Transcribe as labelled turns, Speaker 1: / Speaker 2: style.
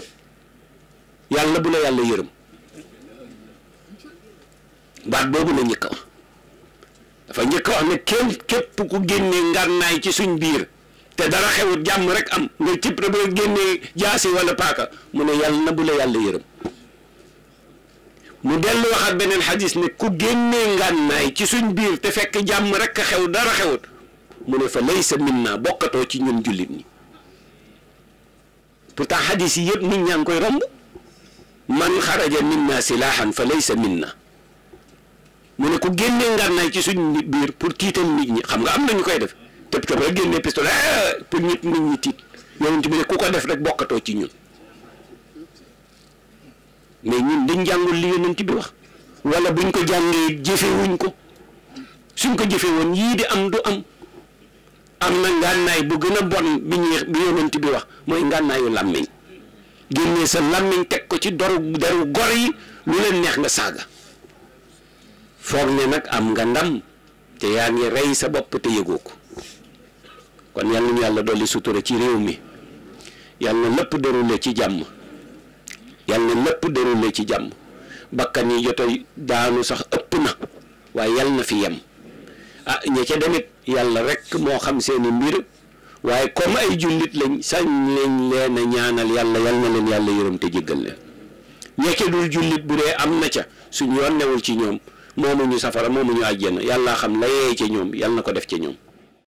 Speaker 1: fépp yàlla bu la yàlla yërëm baat boobu la njëkk a wax dafa njëkk a wax ne kenn képp ku génnee ngànnaay ci suñ biir te dara xewut jàmm rek am nga cib rek boo génnee jaasi wala paaka mu ne yàlla na bu la yàlla yërëm mu dellu waxaat beneen xadis ne ku génnee ngànnaay ci suñ biir te fekk jàmm rek a xew dara xewut mu ne fa laysa minna bokkatoo ci ñun jullit ñi pourtant hadis yi yëpp nit ñaa ngi koy romb man xaraja minna silaahan fa laysa minna mu ne ku génnee ngànnaay ci suñ biir pour tiital nit ñi xam nga am nañu koy def tëb tëb rek génnee pistolet eh, pour nit nit ñi tiit yonent bi ne ku ko def rek bokkatoo ci ñun mais ñun dañ jàngul li yonent bi wax wala buñ ko jàngee jëfewuñ ko suñ ko jëfewoon yii di am du am am na ngànnaay bu gën a bon bi ñu bi yonent bi wax mooy ngànnaayu làmmiñ génnee sa làmmiñ teg ko ci doru deru gor yi lu leen neex nga saaga foog ne nag am nga ndam te yaa ngi rey sa bopp te yëgoo ko kon yal nañu yàlla dolli sutura ci réew mi yal na lépp déroulé ci jàmm yal na lépp déroulé ci jàmm bakkan yi joto daanu sax ëpp na waaye yal na fi yem ah ña ca demit yàlla rek moo xam seeni mbir waaye comme ay jullit lañ sañ lañ leen a ñaanal yàlla yal na leen yàlla yërëm te jéggal leen ña ca dul jullit bu dee am na ca suñu yoon newul ci ñoom moomuñu safara moomuñu àjjana yàlla xam la yee ca ñoom yàlla na ko def ca ñoom